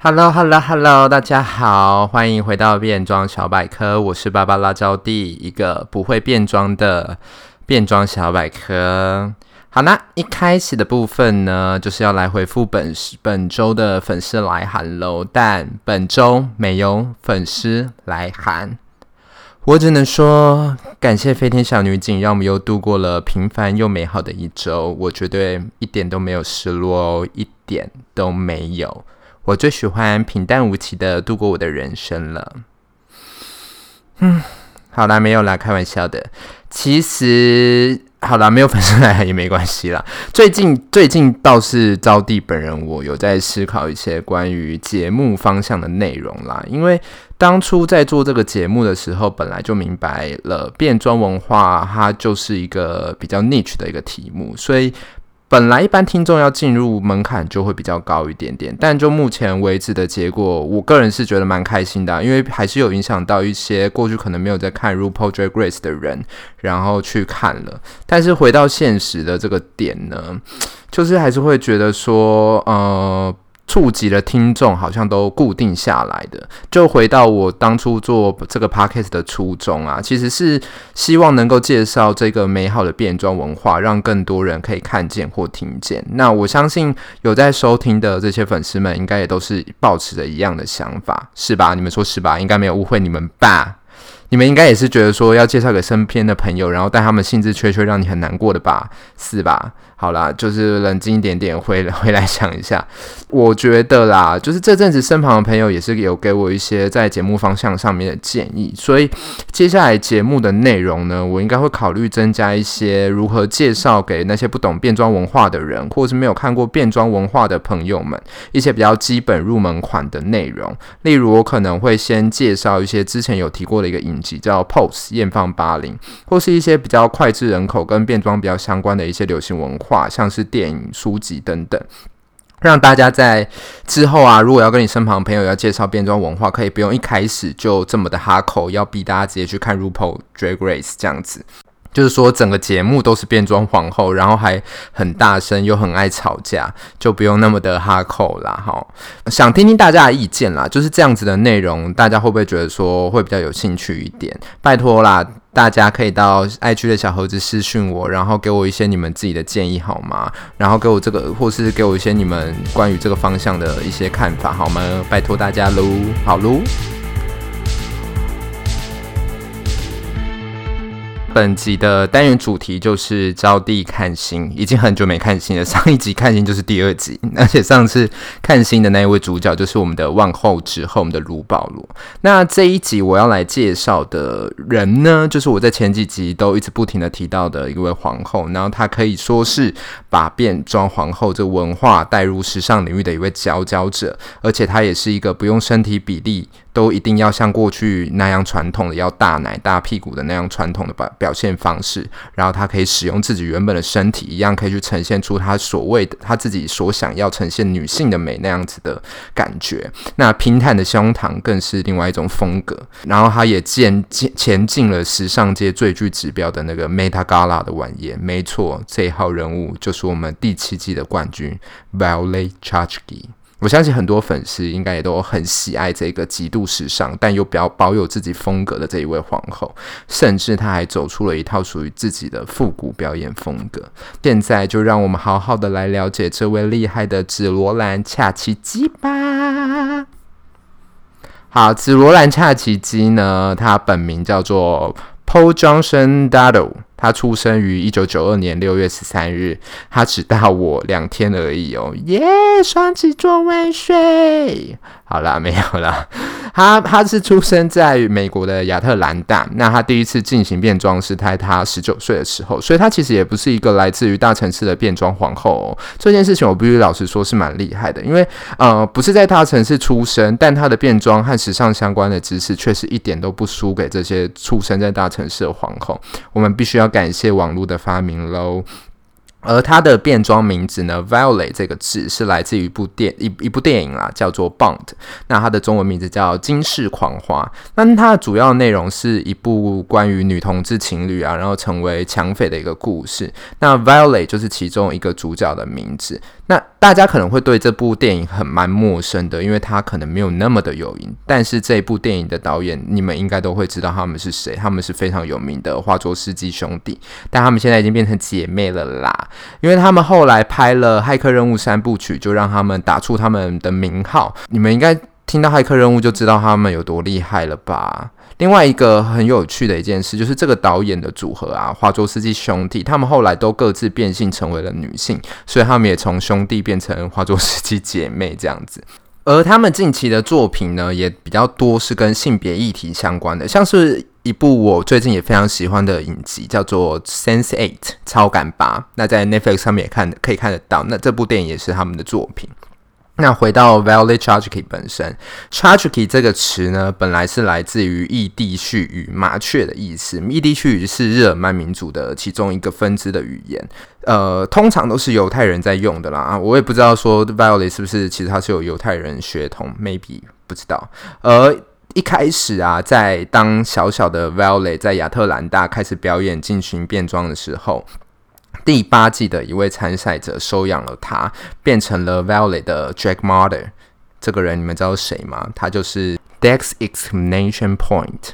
Hello Hello Hello，大家好，歡迎回到變裝小百科，我是芭芭拉招弟，一個不會變裝的變裝小百科。好啦，那一開始的部分呢，就是要來回復本本周的粉絲來函嘍，但本周沒有粉絲來函，我只能說感謝飛天小女警，讓我們又度過了平凡又美好的一周，我絕對一點都沒有失落哦，一點都沒有。我最喜歡平淡無奇的度過我的人生了。嗯，好啦，沒有啦，開玩笑的。其實，好啦，沒有粉絲來也沒關係啦。最近，最近倒是招弟本人，我有在思考一些關於節目方向的內容啦。因為當初在做這個節目的時候，本來就明白了變裝文化，它就是一個比較 niche 的一個題目，所以。本來一般聽眾要進入門檻就會比較高一點點，但就目前為止的結果，我個人是覺得蠻開心的啊，因為還是有影響到一些過去可能沒有在看《RuPaul's Drag Race》的人，然後去看了。但是回到現實的這個點呢，就是還是會覺得說，呃。觸及的聽眾好像都固定下來的，就回到我當初做這個 podcast 的初衷啊，其實是希望能夠介紹這個美好的變裝文化，讓更多人可以看見或聽見。那我相信有在收聽的這些粉絲們，應該也都是抱持着一樣的想法，是吧？你們說是吧？應該沒有誤會你們吧？你們應該也是覺得說要介紹給身邊的朋友，然後但他們興致缺缺，讓你很難過的吧？是吧？好啦，就是冷靜一點點，回來回來想一下。我覺得啦，就是這陣子身旁的朋友也是有給我一些在節目方向上面的建議，所以接下來節目的內容呢，我應該會考慮增加一些如何介紹給那些不懂變裝文化的人，或是沒有看過變裝文化的朋友們一些比較基本入門款的內容。例如，我可能會先介紹一些之前有提過的一個影集，叫《Pose》艷放八零，或是一些比較膾炙人口跟變裝比較相關的一些流行文化。像是電影、書籍等等，讓大家在之後啊，如果要跟你身旁朋友要介紹變裝文化，可以不用一開始就這麼的哈口，要逼大家直接去看 RuPaul Drag Race 這樣子，就是說整個節目都是變裝皇後，然後還很大聲又很愛吵架，就不用那麼的哈口啦哈。好想聽聽大家的意見啦，就是這樣子的內容，大家會不會覺得說會比較有興趣一點？拜託啦！大家可以到 IG 的小盒子私訊我，然後給我一些你們自己的建議好嗎？然後給我這個，或是給我一些你們關於這個方向的一些看法好嗎？拜託大家嘍，好嘍。本集的單元主題就是招弟看星，已經很久沒看星了。上一集看星就是第二集，而且上次看星的那一位主角就是我們的萬後之後，我們的盧保羅。那這一集我要來介紹的人呢，就是我在前幾集都一直不停地提到的一位皇後，然後她可以說是把變裝皇後這個文化帶入時尚領域的一位佼佼者，而且她也是一個不用身體比例，都一定要像過去那樣傳統的要大奶大屁股的那樣傳統的表表現方式，然後她可以使用自己原本的身體，一樣可以去呈現出她所謂的她自己所想要呈現女性的美那樣子的感覺。那平坦的胸膛更是另外一種風格。然後她也前前進了時尚界最具指標的那個 Met Gala 的晚宴。沒錯，這一號人物就是我們第七季的冠軍 Violet Chachki。我相信很多粉絲應該也都很喜愛這個極度時尚，但又比較保有自己風格的這一位皇後，甚至她還走出了一套屬於自己的復古表演風格。現在就讓我們好好的來了解這位厲害的紫羅蘭恰奇姬吧。好，紫羅蘭恰奇姬呢，它本名叫做 Paul Johnson Dado 他出生於一九九二年六月十三日，他只大我兩天而已哦，耶，雙子座萬歲。好啦，沒有啦。他他是出生在美國的亞特蘭大。那他第一次進行變裝是他在他十九歲的時候，所以他其實也不是一個來自於大城市的變裝皇后哦。這件事情我必須老實說，是蠻厲害的。因為呃，不是在大城市出生，但他的變裝和時尚相關的知識卻是一點都不輸給這些出生在大城市的皇後。我們必須要感謝網絡的發明嘍。而他的變裝名字呢，Violet 這個字是來自於一部電一一部電影啊，叫做《Bound》，那它的中文名字叫金氏《驚世狂花》。那它的主要內容是一部關於女同志情侶啊，然後成為搶匪的一個故事。那 Violet 就是其中一個主角的名字。那大家可能會對這部電影很蠻陌生的，因為它可能沒有那麼的有名。但是這一部電影的導演，你們應該都會知道他們是誰，他們是非常有名的華卓斯基兄弟，但他們現在已經變成姐妹了啦，因為他們後來拍了《駭客任務》三部曲，就讓他們打出他們的名號。你們應該聽到《駭客任務》就知道他們有多厲害了吧？另外一個很有趣的一件事，就是這個導演的組合啊，華卓斯基兄弟，他們後來都各自變性成為了女性，所以他們也從兄弟變成華卓斯基姐妹這樣子。而他們近期的作品呢，也比較多是跟性別議題相關的，像是一部我最近也非常喜歡的影集，叫做《Sense Eight》超感八。那在 Netflix 上面也看，可以看得到。那這部電影也是他們的作品。那回到 Violet Chachki 本身，Chachki 這個詞呢，本來是來自於意第緒語，麻雀的意思。意第緒語是日耳曼民族的其中一個分支的語言，呃，通常都是猶太人在用的啦。啊、我也不知道說 Violet 是不是其實它是有猶太人血統，Maybe 不知道。而、呃、一開始啊，在當小小的 Violet 在亞特蘭大開始表演進行變裝的時候，第八季的一位參賽者收養了他，變成了 Violet 的 Drag Mother。這個人你們知道是誰嗎？他就是 Dex Exclamation Point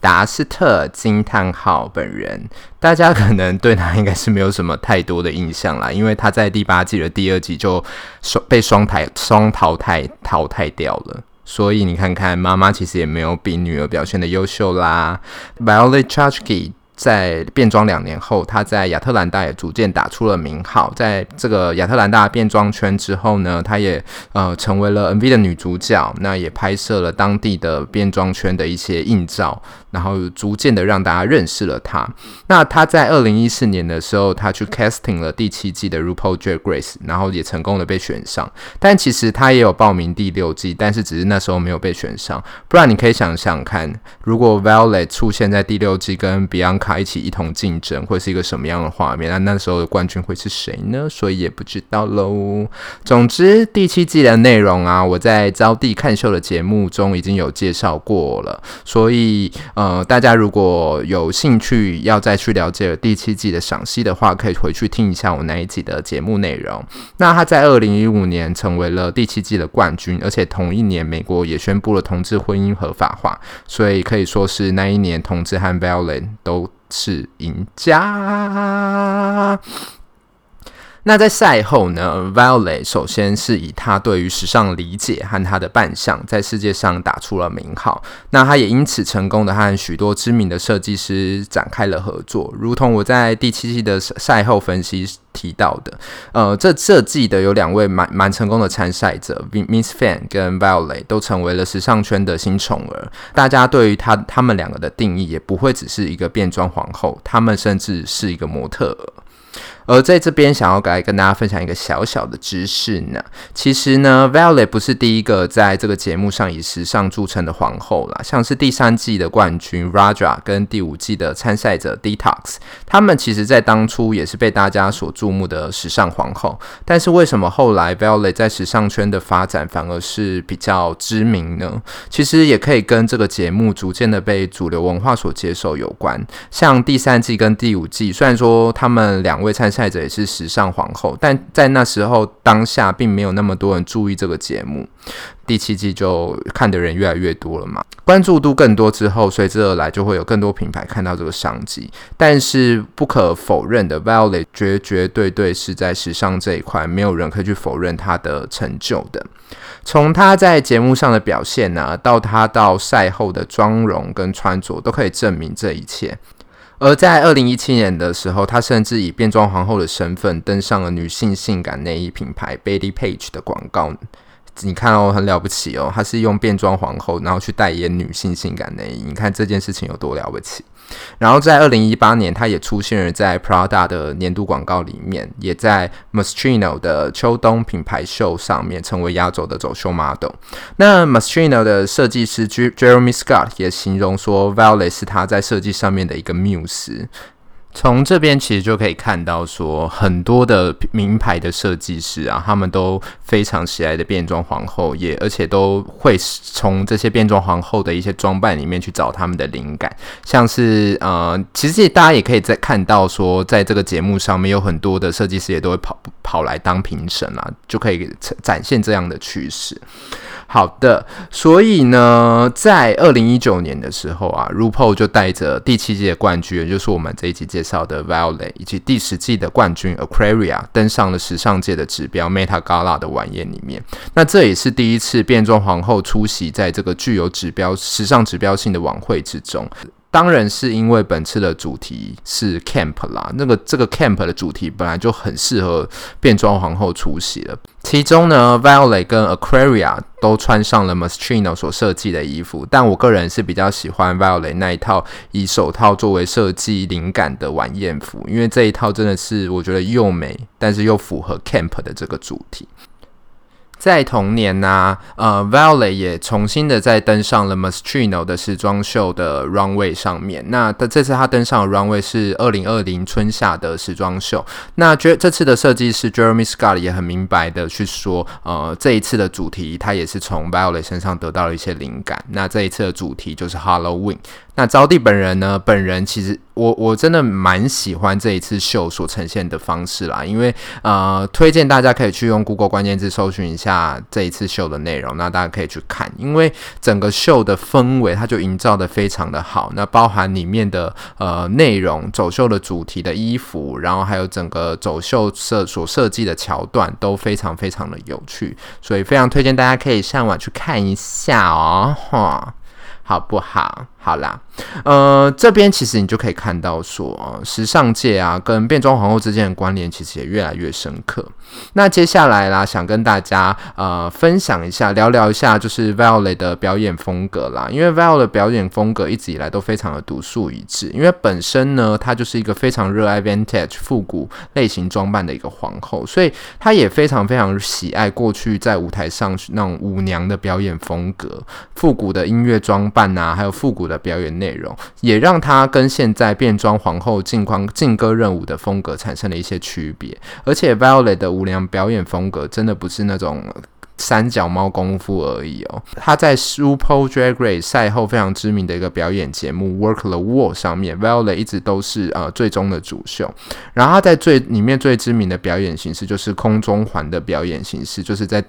達斯特驚嘆號本人。大家可能對他應該是沒有什麼太多的印象啦，因為他在第八季的第二集就雙被雙台雙淘汰淘汰掉了。所以你看看，媽媽其實也沒有比女兒表現的優秀啦。Violet Chachki。在變裝兩年後，她在亞特蘭大也逐漸打出了名號。在這個亞特蘭大變裝圈之後呢，她也呃成為了 MV 的女主角，那也拍攝了當地的變裝圈的一些硬照，然後逐漸的讓大家認識了她。那她在二零一四年的時候，她去 casting 了第七季的 RuPaul's Drag Race，然後也成功的被選上。但其實她也有報名第六季，但是只是那時候沒有被選上。不然你可以想想看，如果 Violet 出現在第六季跟 Bianca。他一起一同競爭會是一個什麼樣的畫面？那那時候的冠軍會是誰呢？所以也不知道嘍。總之，第七季的內容啊，我在招弟看秀的節目中已經有介紹過了。所以呃，大家如果有興趣要再去了解了第七季的賞析的話，可以回去聽一下我那一集的節目內容。那他在二零一五年成為了第七季的冠軍，而且同一年美國也宣布了同志婚姻合法化，所以可以說是那一年同志和 Violet 都。是贏家。那在賽後呢？Violet 首先是以她對於時尚理解和她的扮相，在世界上打出了名號。那她也因此成功地和許多知名的設計師展開了合作，如同我在第七季的賽後分析提到的。呃，這季的有兩位蠻蠻成功的參賽者，M-Miss Fan 跟 Violet 都成為了時尚圈的新寵兒。大家對於她他，他們兩個的定義，也不會只是一個變裝皇後，他們甚至是一個模特兒。而在這邊，想要來跟大家分享一個小小的知識呢。其實呢，Violet 不是第一個在這個節目上以時尚著稱的皇後啦。像是第三季的冠軍 Raja 跟第五季的參賽者 Detox，他們其實在當初也是被大家所注目的時尚皇後。但是為什麼後來 Violet 在時尚圈的發展反而是比較知名呢？其實也可以跟這個節目逐漸的被主流文化所接受有關。像第三季跟第五季，雖然說他們兩位參賽者，賽者也是時尚皇後，但在那時候當下並沒有那麼多人注意這個節目。第七季就看的人越來越多了嘛，關注度更多之後，隨之而來就會有更多品牌看到這個商機。但是不可否認的，Violet 絕絕對對是在時尚這一塊，沒有人可以去否認她的成就的。從她在節目上的表現呢、啊，到她到賽後的妝容跟穿着，都可以證明這一切。而在二零一七年的時候，她甚至以變裝皇後的身份登上了女性性感內衣品牌 Bettie Page 的廣告。你看哦，很了不起哦，她是用變裝皇後，然後去代言女性性感內衣。你看這件事情有多了不起？然後在二零一八年，她也出現了在 Prada 的年度廣告裡面，也在 Moschino 的秋冬品牌秀上面成為壓軸的走秀 model。那 Moschino 的設計師、J、Jeremy Scott 也形容說，Violet 是他在設計上面的一個繆斯。從這邊其實就可以看到，說很多的名牌的設計師啊，他們都非常喜愛的變裝皇後也，也而且都會從這些變裝皇後的一些裝扮裡面去找他們的靈感。像是呃，其實大家也可以在看到說，在這個節目上面有很多的設計師也都會跑跑來當評審啊，就可以呈展現這樣的趨勢。好的，所以呢，在二零一九年的時候啊 RuPaul 就帶着第七屆冠軍，也就是我們這一季。介紹的 Violet 以及第十季的冠軍 Aquaria 登上了時尚界的指標 Met Gala 的晚宴裡面，那這也是第一次變裝皇后出席在這個具有指標、時尚指標性的晚會之中。當然是因為本次的主題是 camp 啦，那個這個 camp 的主題本來就很適合變裝皇后出席了。其中呢，Violet 跟 Aquaria 都穿上了 Maschino 所設計的衣服，但我個人是比較喜歡 Violet 那一套以手套作為設計靈感的晚宴服，因為這一套真的是我覺得又美，但是又符合 camp 的這個主題。在同年呢、啊，呃，Violet 也重新的再登上了 Moschino 的時裝秀的 Runway 上面。那他這次他登上的 Runway 是二零二零春夏的時裝秀。那這這次的設計師 Jeremy Scott 也很明白的去說，呃，這一次的主題他也是從 Violet 身上得到了一些靈感。那這一次的主題就是 Halloween。那招弟本人呢，本人其實。我我真的蠻喜歡這一次秀所呈現的方式啦，因為呃，推薦大家可以去用 Google 關鍵字搜尋一下這一次秀的內容，那大家可以去看，因為整個秀的氛圍它就營造得非常的好，那包含裡面的呃內容、走秀的主題的衣服，然後還有整個走秀設所設計的橋段都非常非常的有趣，所以非常推薦大家可以上網去看一下哦，齁，好不好？好啦，呃，這邊其實你就可以看到說，啊、呃，時尚界啊，跟變裝皇後之間的關聯其實也越來越深刻。那接下來啦，想跟大家呃分享一下，聊聊一下，就是 Violet 的表演風格啦。因為 Violet 的表演風格一直以來都非常的獨樹一幟，因為本身呢，她就是一個非常熱愛 Vintage 復古類型裝扮的一個皇後，所以她也非常非常喜愛過去在舞台上那種舞娘的表演風格，復古的音樂裝扮啊，還有復古的。表演內容也讓他跟現在變裝皇後、勁框勁歌、熱舞的風格產生了一些區別。而且，Violet 的舞娘表演風格真的不是那種三腳貓功夫而已哦。他在 Super Drag Race 賽後非常知名的一個表演節目《Work the Wall》上面，Violet 一直都是呃最終的主秀。然後他在最裡面最知名的表演形式就是空中環的表演形式，就是在。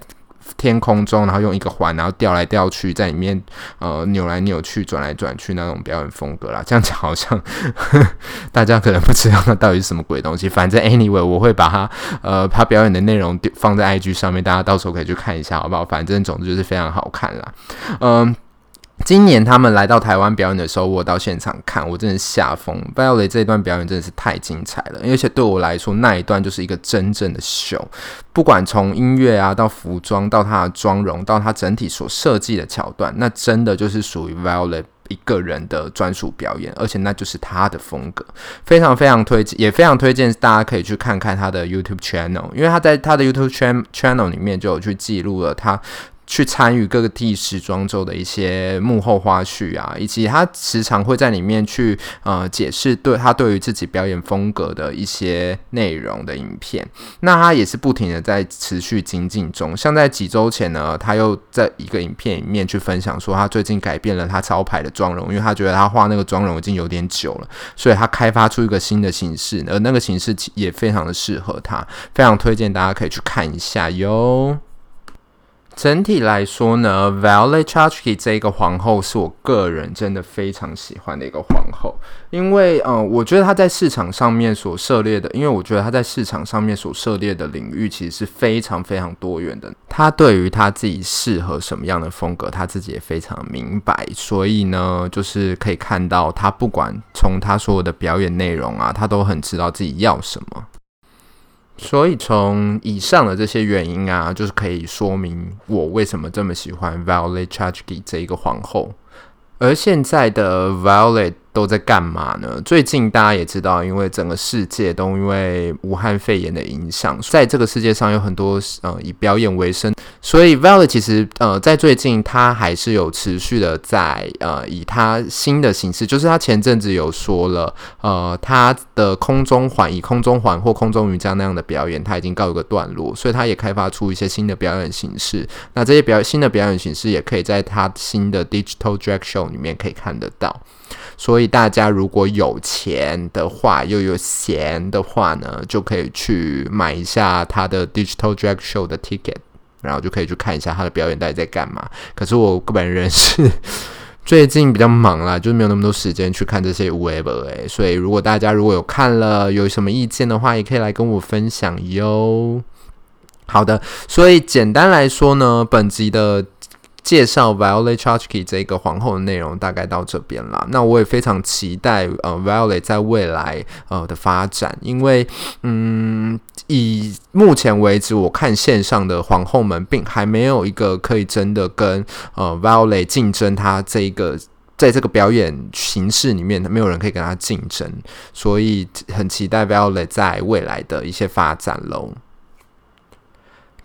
天空中，然後用一個環，然後吊來吊去，在裡面呃扭來扭去、轉來轉去那種表演風格啦。這樣子好像呵呵大家可能不知道那到底是什麼鬼東西。反正 anyway，我會把它呃他表演的內容丟放在 IG 上面，大家到時候可以去看一下，好不好？反正總之就是非常好看啦。嗯。今年他們來到台灣表演的時候，我到現場看，我真的嚇瘋。Violet 這一段表演真的是太精彩了，而且對我來說那一段就是一個真正的秀。不管從音樂啊，到服裝，到她的妝容，到她整體所設計的橋段，那真的就是屬於 Violet 一個人的專屬表演，而且那就是她的風格。非常非常推薦，也非常推薦大家可以去看看她的 YouTube channel，因為他在他的 YouTube channel 裡面就有去記錄了他。去參與各個時裝周的一些幕後花絮啊，以及他時常會在裡面去呃解釋對他對於自己表演風格的一些內容的影片。那他也是不停的在持續精進中。像在幾周前呢，他又在一個影片裡面去分享說，他最近改變了他招牌的妝容，因為他覺得他畫那個妝容已經有點久了，所以他開發出一個新的形式，而那個形式也非常的適合他，非常推薦大家可以去看一下喲。整體來說呢，Violet Chachki 這個皇後是我個人真的非常喜歡的一個皇後，因為嗯、呃，我覺得她在市場上面所涉獵的，因為我覺得她在市場上面所涉獵的領域其實是非常非常多元的。她對於她自己適合什麼樣的風格，她自己也非常明白，所以呢，就是可以看到她不管從她所有的表演內容啊，她都很知道自己要什麼。所以從以上的這些原因啊，就是可以說明我為什麼這麼喜歡 Violet Chachki 這一個皇後，而現在的 Violet 都在幹嘛呢？最近大家也知道，因為整個世界都因為武漢肺炎的影響，在這個世界上有很多呃以表演為生，所以 Violet 其實呃在最近他還是有持續的在呃以他新的形式，就是他前陣子有說了呃他的空中環，以空中環或空中瑜伽那樣的表演，他已經告一個段落，所以他也開發出一些新的表演形式。那這些表新的表演形式，也可以在他新的 Digital Drag Show 裡面可以看得到。所以大家如果有錢的話，又有閒的話呢，就可以去買一下他的 Digital Drag Show 的 ticket，然後就可以去看一下他的表演到底在幹嘛。可是我個人是最近比較忙啦，就沒有那麼多時間去看這些 whatever。欸，所以如果大家如果有看了，有什麼意見的話，也可以來跟我分享喲。好的，所以簡單來說呢，本集的。介紹 Violet Chachki 這個皇後的內容大概到這邊啦。那我也非常期待呃 Violet 在未來呃的發展，因為嗯以目前為止，我看線上的皇後們並還沒有一個可以真的跟呃 Violet 競爭，她這一個在這個表演形式裡面沒有人可以跟她競爭，所以很期待 Violet 在未來的一些發展嘍。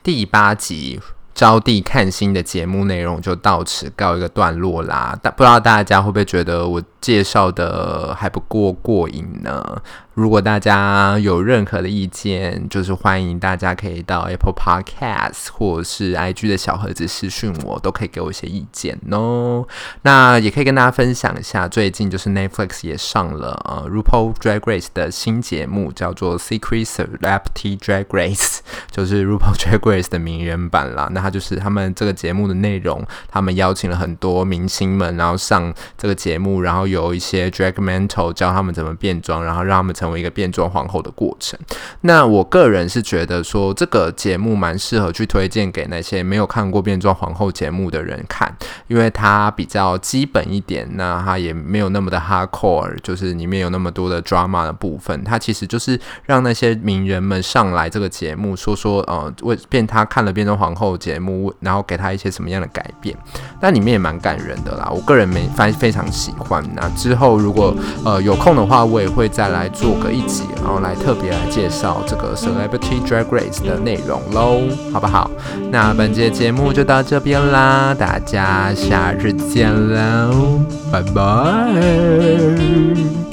第八集。招弟看星的節目內容就到此告一個段落啦，大不知道大家會不會覺得我介紹的還不過過癮呢？如果大家有任何的意見，就是歡迎大家可以到 Apple Podcast 或者是 IG 的小盒子私訊我，都可以給我一些意見哦。那也可以跟大家分享一下，最近就是 Netflix 也上了呃 RuPaul Drag Race 的新節目，叫做 Secret Celebrity Drag Race，就是 RuPaul Drag Race 的名人版啦。那它就是他們這個節目的內容，他們邀請了很多明星們，然後上這個節目，然後有一些 Drag Mentor 教他們怎麼變裝，然後讓他們成。成為一個變裝皇後的過程。那我個人是覺得說，這個節目蠻適合去推薦給那些沒有看過變裝皇后節目的人看，因為它比較基本一點，那它也沒有那麼的 hardcore，就是裡面有那麼多的 drama 的部分。它其實就是讓那些名人們上來這個節目，說說呃為變他看了變裝皇后節目，然後給他一些什麼樣的改變。但裡面也蠻感人的啦，我個人沒非非常喜歡。那之後如果呃有空的話，我也會再來做。個一集，然後來特別來介紹這個《Celebrity Drag Race》的內容嘍，好不好？那本期節目就到這邊啦，大家下次見嘍，拜拜。